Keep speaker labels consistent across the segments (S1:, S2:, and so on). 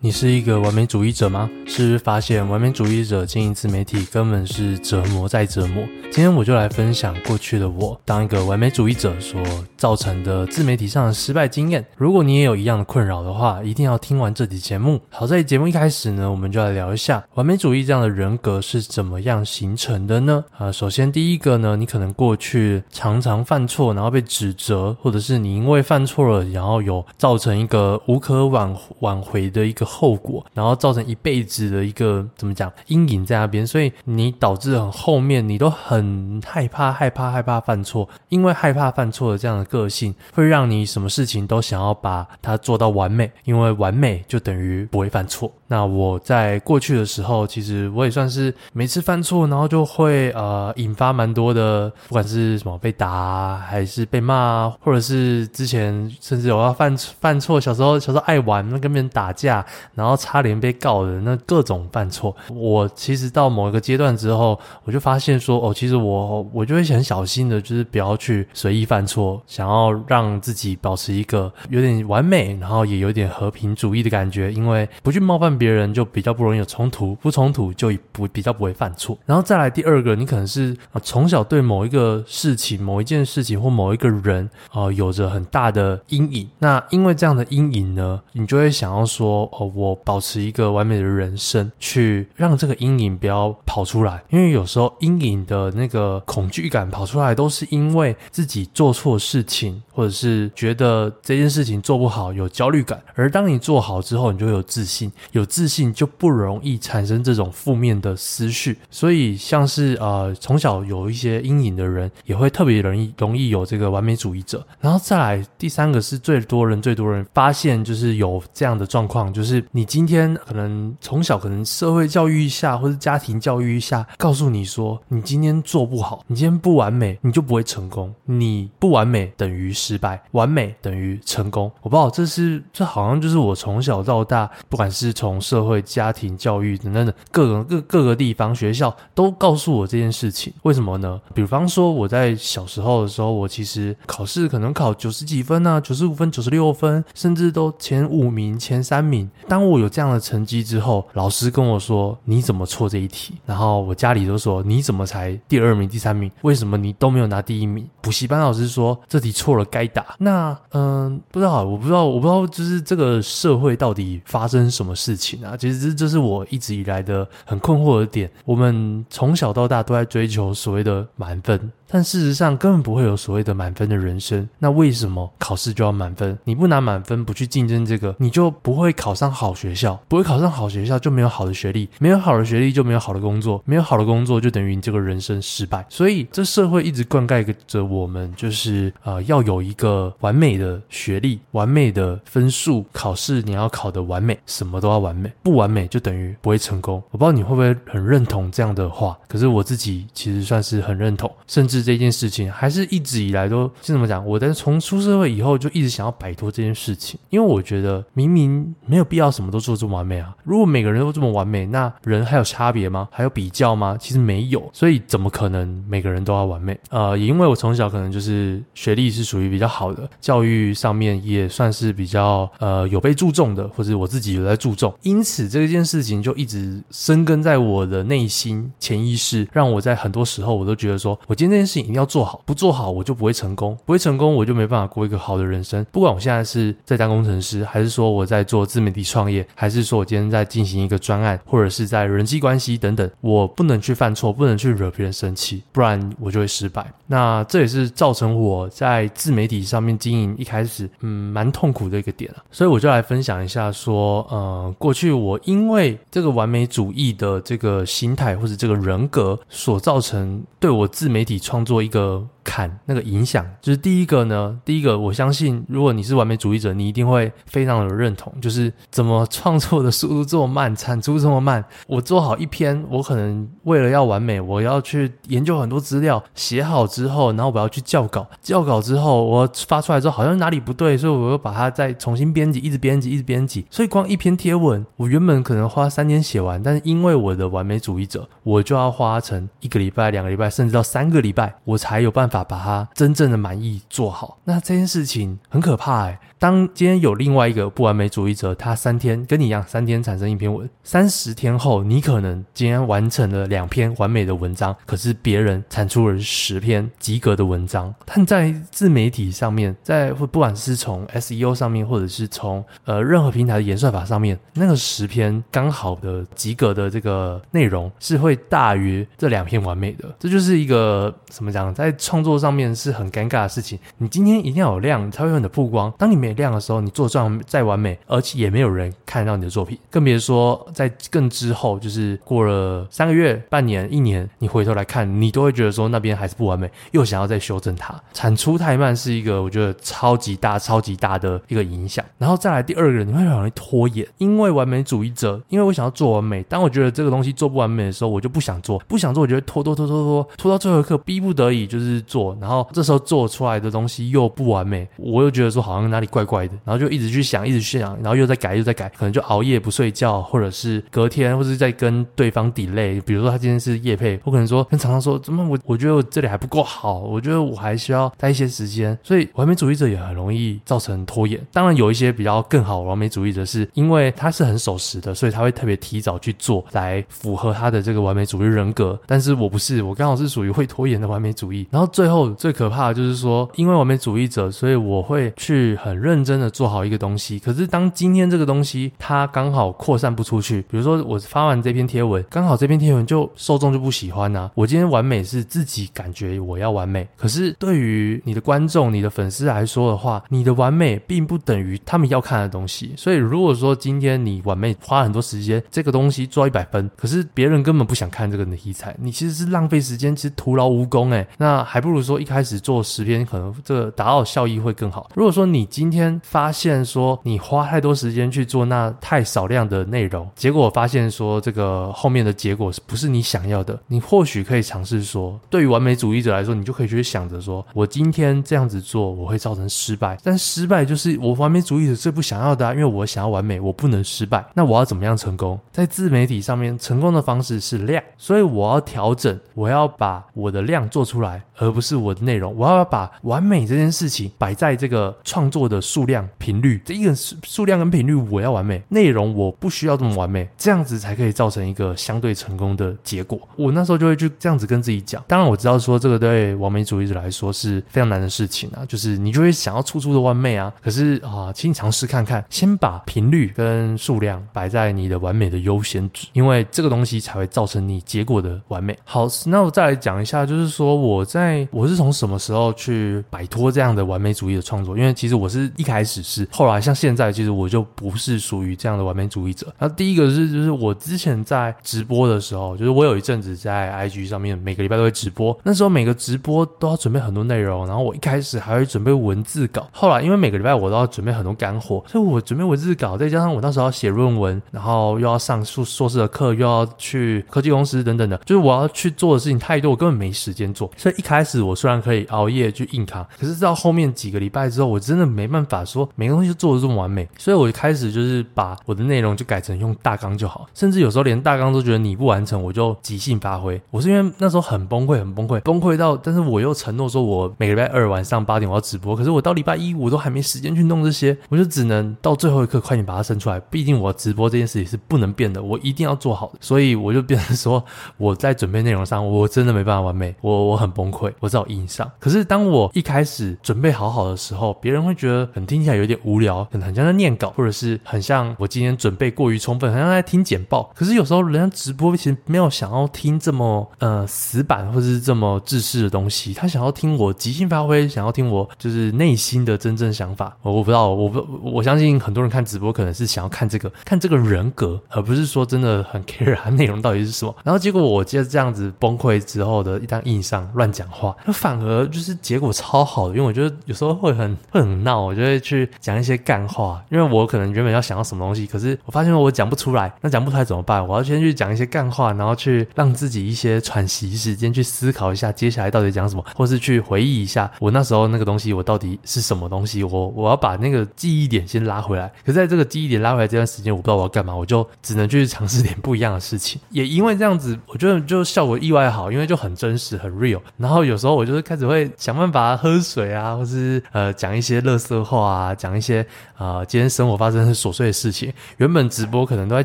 S1: 你是一個完美主義者嗎？是不是發現完美主義者經營自媒體根本是折磨再折磨。今天我就來分享過去的我，當一個完美主義者所造成的自媒體上的失敗經驗。如果你也有一樣的困擾的話，一定要聽完這期節目。好，在節目一開始呢，我們就來聊一下完美主義這樣的人格是怎麼樣形成的呢？啊、呃，首先第一個呢，你可能過去常常犯錯，然後被指責，或者是你因為犯錯了，然後有造成一個無可挽挽回的一個後果，然後造成一輩子的一個怎麼講，陰影在那邊，所以你導致很後面，你都很害怕，害怕害怕犯錯。因為害怕犯錯的這樣的個性，會讓你什麼事情都想要把它做到完美，因為完美就等於不會犯錯。那我在過去的時候，其實我也算是每次犯錯，然後就會呃引發蠻多的，不管是什麼被打，還是被罵，或者是之前甚至有要犯犯錯，小時候小時候愛玩，那跟別人打架。然後差聯被告的那各種犯錯，我其實到某一個階段之後，我就發現說，哦，其實我我就會很小心的，就是不要去隨意犯錯，想要讓自己保持一個有點完美，然後也有點和平主義的感覺，因為不去冒犯別人，就比較不容易有衝突，不衝突就不比較不會犯錯。然後再來第二個，你可能是、呃、從小對某一個事情、某一件事情或某一個人，哦、呃，有着很大的陰影。那因為這樣的陰影呢，你就會想要說，哦。我保持一個完美的人生，去讓這個陰影不要跑出來。因為有時候陰影的那個恐懼感跑出來，都是因為自己做錯事情，或者是覺得這件事情做不好，有焦慮感。而當你做好之後，你就會有自信，有自信就不容易產生這種負面的思緒。所以，像是呃從小有一些陰影的人，也會特別容易容易有這個完美主義者。然後再來第三個是最多人最多人發現就是有這樣的狀況，就是。你今天可能從小可能社會教育一下，或是家庭教育一下，告訴你說，你今天做不好，你今天不完美，你就不會成功。你不完美等於失敗，完美等於成功。我不知道這是這好像就是我從小到大，不管是從社會、家庭教育等等等等，各個各各個地方、學校都告訴我這件事情。為什麼呢？比方說我在小時候的時候，我其實考試可能考九十幾分啊，九十五分、九十六分，甚至都前五名、前三名。當我有這樣的成績之後，老師跟我說：“你怎麼錯這一題？”然後我家裡都說：“你怎麼才第二名、第三名？為什麼你都沒有拿第一名？”補習班老師說：“這題錯了，該打。”那、呃、嗯，不知道，我不知道，我不知道，就是這個社會到底發生什麼事情啊？其實，這是我一直以來的很困惑的點。我們從小到大都在追求所謂的滿分。但事實上，根本不會有所謂的滿分的人生。那為什麼考試就要滿分？你不拿滿分，不去競爭這個，你就不會考上好學校。不會考上好學校，就沒有好的學歷。沒有好的學歷，就沒有好的工作。沒有好的工作，就等於你這個人生失敗。所以，這社會一直灌溉着我們，就是啊、呃，要有一個完美的學歷，完美的分數，考試你要考得完美，什麼都要完美。不完美就等於不會成功。我不知道你會不會很認同這樣的話，可是我自己其實算是很認同，甚至。這件事情還是一直以來都是怎麼講？我但是從出社會以後就一直想要擺脫這件事情，因為我覺得明明沒有必要什麼都做這麼完美啊！如果每個人都這麼完美，那人還有差別嗎？還有比較嗎？其實沒有，所以怎麼可能每個人都要完美？呃，也因為我從小可能就是學歷是屬於比較好的，教育上面也算是比較呃有被注重的，或者我自己有在注重，因此這件事情就一直生根在我的內心潛意識，讓我在很多時候我都覺得說我今天。事情一定要做好，不做好我就不會成功，不會成功我就沒辦法過一個好的人生。不管我現在是在當工程師，還是說我在做自媒體創業，還是說我今天在進行一個專案，或者是在人際關係等等，我不能去犯錯，不能去惹別人生氣，不然我就會失敗。那這也是造成我在自媒體上面經營一開始嗯蠻痛苦的一個點啊，所以我就來分享一下說，說、嗯、呃過去我因為這個完美主義的這個心態或者這個人格所造成對我自媒體創業當做一個。看那個影響，就是第一個呢，第一個，我相信如果你是完美主義者，你一定會非常有認同。就是怎麼創作的速度這麼慢，產出這麼慢，我做好一篇，我可能為了要完美，我要去研究很多資料，寫好之後，然後我要去校稿，校稿之後，我發出來之後好像哪裡不對，所以我又把它再重新編輯，一直編輯，一直編輯。所以光一篇貼文，我原本可能花三天寫完，但是因為我的完美主義者，我就要花成一個禮拜、兩個禮拜，甚至到三個禮拜，我才有辦法。把它真正的滿意做好，那這件事情很可怕誒、欸。當今天有另外一個不完美主義者，他三天跟你一樣，三天產生一篇文，三十天後你可能今天完成了兩篇完美的文章，可是別人產出了十篇及格的文章。但在自媒體上面，在不管是從 SEO 上面，或者是從呃任何平台的演算法上面，那個十篇剛好的及格的這個內容是會大於這兩篇完美的。這就是一個怎麼講，在創作上面是很尷尬的事情。你今天一定要有量，才會有你的曝光。當你沒。亮的時候，你做這樣再完美，而且也沒有人看得到你的作品，更別說在更之後，就是過了三個月、半年、一年，你回頭來看，你都會覺得說那邊還是不完美，又想要再修正它。產出太慢是一個我覺得超級大、超級大的一個影響。然後再來第二個人，你會很容易拖延，因為完美主義者，因為我想要做完美，當我覺得這個東西做不完美的時候，我就不想做，不想做，我覺得拖拖拖拖拖拖到最後一刻，逼不得已就是做，然後這時候做出來的東西又不完美，我又覺得說好像哪裡怪。怪怪的，然後就一直去想，一直去想，然後又在改，又在改，可能就熬夜不睡覺，或者是隔天，或者是在跟對方 delay。比如說他今天是業配，我可能說跟常常說，怎麼我我覺得我這裡還不夠好，我覺得我還需要待一些時間。所以完美主義者也很容易造成拖延。當然有一些比較更好的完美主義者，是因為他是很守時的，所以他會特別提早去做，來符合他的這個完美主義人格。但是我不是，我剛好是屬於會拖延的完美主義。然後最後最可怕的就是說，因為完美主義者，所以我會去很認。認真的做好一個東西，可是當今天這個東西它剛好擴散不出去，比如說我發完這篇貼文，剛好這篇貼文就受眾就不喜歡吶、啊。我今天完美是自己感覺我要完美，可是對於你的觀眾、你的粉絲來說的話，你的完美並不等於他們要看的東西。所以如果說今天你完美花很多時間，這個東西做一百分，可是別人根本不想看這個人的題材，你其實是浪費時間，其實徒勞無功哎、欸。那還不如說一開始做十篇，可能這個達到效益會更好。如果說你今天天發現說你花太多時間去做那太少量的內容，結果發現說這個後面的結果是不是你想要的？你或許可以嘗試說，對於完美主義者來說，你就可以去想着說我今天這樣子做，我會造成失敗。但失敗就是我完美主義者最不想要的啊，因為我想要完美，我不能失敗。那我要怎麼樣成功？在自媒體上面，成功的方式是量，所以我要調整，我要把我的量做出來，而不是我的內容。我要把完美這件事情擺在這個創作的。數量、頻率，這一個數數量跟頻率我要完美，內容我不需要這麼完美，這樣子才可以造成一個相對成功的結果。我那時候就會去這樣子跟自己講，當然我知道說這個對完美主義者來說是非常難的事情啊，就是你就會想要處處的完美啊。可是啊，請你嘗試看看，先把頻率跟數量擺在你的完美的優先，因為這個東西才會造成你結果的完美。好，那我再來講一下，就是說我在我是從什麼時候去擺脫這樣的完美主義的創作？因為其實我是。一開始是，後來像現在，其實我就不是屬於這樣的完美主義者。那第一個是，就是我之前在直播的時候，就是我有一陣子在 IG 上面每個禮拜都會直播，那時候每個直播都要準備很多內容，然後我一開始還會準備文字稿。後來因為每個禮拜我都要準備很多乾貨，所以，我準備文字稿，再加上我那時候要寫論文，然後又要上碩碩士的課，又要去科技公司等等的，就是我要去做的事情太多，我根本沒時間做。所以一開始我雖然可以熬夜去硬扛，可是到後面幾個禮拜之後，我真的沒辦法。辦法說每個東西就做的這麼完美，所以我一開始就是把我的內容就改成用大綱就好，甚至有時候連大綱都覺得你不完成，我就即興發揮。我是因為那時候很崩潰，很崩潰，崩潰到，但是我又承諾說，我每個禮拜二晚上八點我要直播，可是我到禮拜一我都還沒時間去弄這些，我就只能到最後一刻快點把它生出來。畢竟我直播這件事也是不能變的，我一定要做好的，所以我就變成說我在準備內容上我真的沒辦法完美，我我很崩潰，我只好硬上。可是當我一開始準備好好的時候，別人會覺得。很聽起來有點無聊，很像在念稿，或者是很像我今天準備過於充分，很像在聽簡報。可是有時候人家直播其實沒有想要聽這麼呃死板或者是這麼正式的東西，他想要聽我即興發揮，想要聽我就是內心的真正想法。我我不知道，我不我相信很多人看直播可能是想要看這個看這個人格，而不是說真的很 care 他、啊、內容到底是什麼。然後結果我接着這樣子崩潰之後的一張印象亂講話，那反而就是結果超好的，因為我覺得有時候會很會很鬧。就會去講一些幹話，因為我可能原本要想到什麼東西，可是我發現我講不出來，那講不出來怎麼辦？我要先去講一些幹話，然後去讓自己一些喘息時間，去思考一下接下來到底講什麼，或是去回憶一下我那時候那個東西我到底是什麼東西，我我要把那個記憶點先拉回來。可是在這個記憶點拉回來這段時間，我不知道我要幹嘛，我就只能去嘗試點不一樣的事情。也因為這樣子，我覺得就效果意外好，因為就很真實，很 real。然後有時候我就是開始會想辦法喝水啊，或是呃講一些垃圾話。後啊，講一些啊、呃，今天生活發生很瑣碎的事情。原本直播可能都在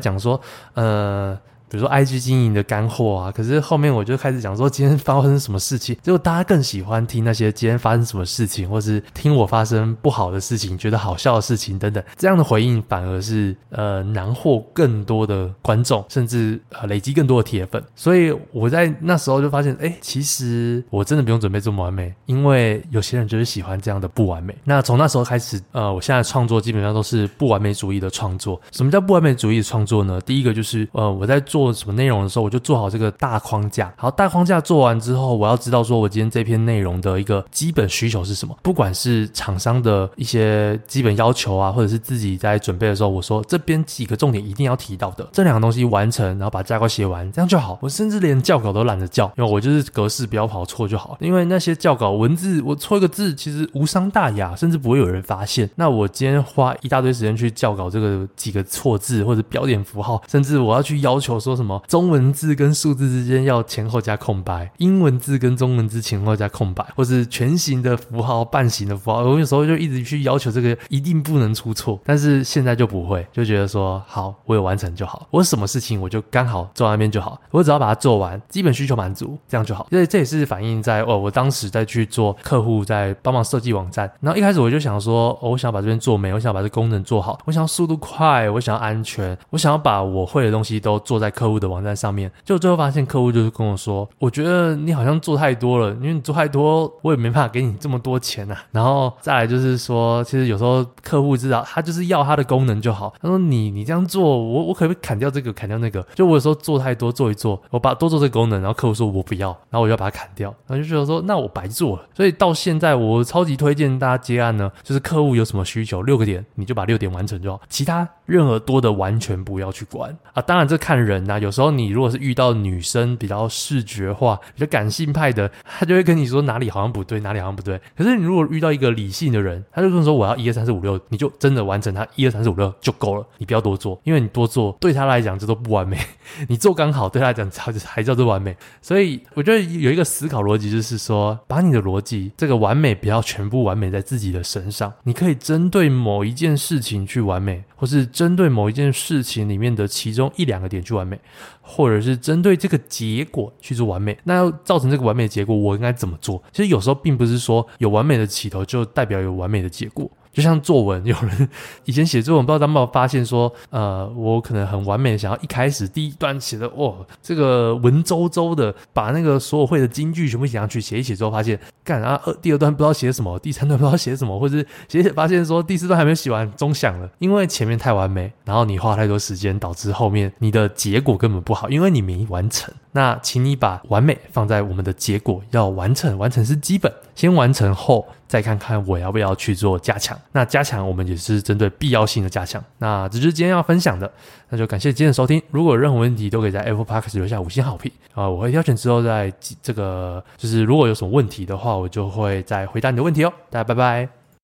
S1: 講說，呃。比如說 IG 經營的乾貨啊，可是後面我就開始講說今天發生什麼事情，結果大家更喜歡聽那些今天發生什麼事情，或是聽我發生不好的事情，覺得好笑的事情等等，這樣的回應反而是呃難獲更多的觀眾，甚至呃累積更多的鐵粉。所以我在那時候就發現，哎、欸，其實我真的不用準備這麼完美，因為有些人就是喜歡這樣的不完美。那從那時候開始，呃，我現在創作基本上都是不完美主義的創作。什麼叫不完美主義的創作呢？第一個就是呃，我在做。做什麼內容的時候，我就做好這個大框架。好，大框架做完之後，我要知道說，我今天這篇內容的一個基本需求是什麼？不管是廠商的一些基本要求啊，或者是自己在準備的時候，我說這邊幾個重點一定要提到的這兩個東西完成，然後把架構寫完，這樣就好。我甚至連校稿都懶得校，因為我就是格式不要跑錯就好。因為那些校稿文字，我錯一個字其實無傷大雅，甚至不會有人發現。那我今天花一大堆時間去校稿這個幾個錯字或者標點符號，甚至我要去要求說。什麼中文字跟數字之間要前後加空白，英文字跟中文字前後加空白，或是全形的符號、半形的符號，我有時候就一直去要求這個一定不能出錯。但是現在就不會，就覺得說好，我有完成就好。我什麼事情我就剛好做完那邊就好，我只要把它做完，基本需求滿足這樣就好。這這也是反映在哦，我當時在去做客戶，在幫忙設計網站。然後一開始我就想說，哦，我想要把這邊做美，我想要把這功能做好，我想要速度快，我想要安全，我想要把我會的東西都做在客戶的網站上面，就最後發現客戶就是跟我說，我覺得你好像做太多了，因為你做太多，我也沒辦法給你這麼多錢吶、啊。然後再來就是說，其實有時候客戶知道他就是要他的功能就好。他說，你你這樣做，我我可不可以砍掉這個，砍掉那個？就我有時候做太多，做一做，我把多做這個功能，然後客戶說我不要，然後我就要把它砍掉，然後就覺得說那我白做了。所以到現在我超級推薦大家接案呢，就是客戶有什麼需求六個點你就把六點完成就好，其他任何多的完全不要去管啊。當然這看人。那有時候你如果是遇到女生比較視覺化、比較感性派的，她就會跟你說哪裡好像不對，哪裡好像不對。可是你如果遇到一個理性的人，他就跟你說我要一二三四五六，你就真的完成她一二三四五六就夠了，你不要多做，因為你多做對她來講這都不完美， 你做剛好對她來講才才叫做完美。所以我覺得有一個思考邏輯就是說，把你的邏輯這個完美不要全部完美在自己的身上，你可以針對某一件事情去完美。或是針對某一件事情裡面的其中一兩個點去完美，或者是針對這個結果去做完美。那要造成這個完美的結果，我應該怎麼做？其實有時候並不是說有完美的起頭就代表有完美的結果。就像作文，有人以前寫作文，不知道有沒有發現說，呃，我可能很完美，想要一開始第一段寫的，哦，這個文縐縐的，把那個所有會的金句全部寫上去，寫一寫之後發現，幹啊、呃，第二段不知道寫什麼，第三段不知道寫什麼，或者寫一寫發現說第四段還沒寫完，鐘響了，因為前面太完美，然後你花太多時間，導致後面你的結果根本不好，因為你沒完成。那請你把完美放在我們的結果要完成，完成是基本，先完成後再看看我要不要去做加強。那加強我們也是針對必要性的加強。那這就是今天要分享的，那就感謝今天的收聽。如果有任何問題，都可以在 Apple Podcast 留下五星好評啊！我會挑選之後再這個，就是如果有什麼問題的話，我就會再回答你的問題哦。大家拜拜。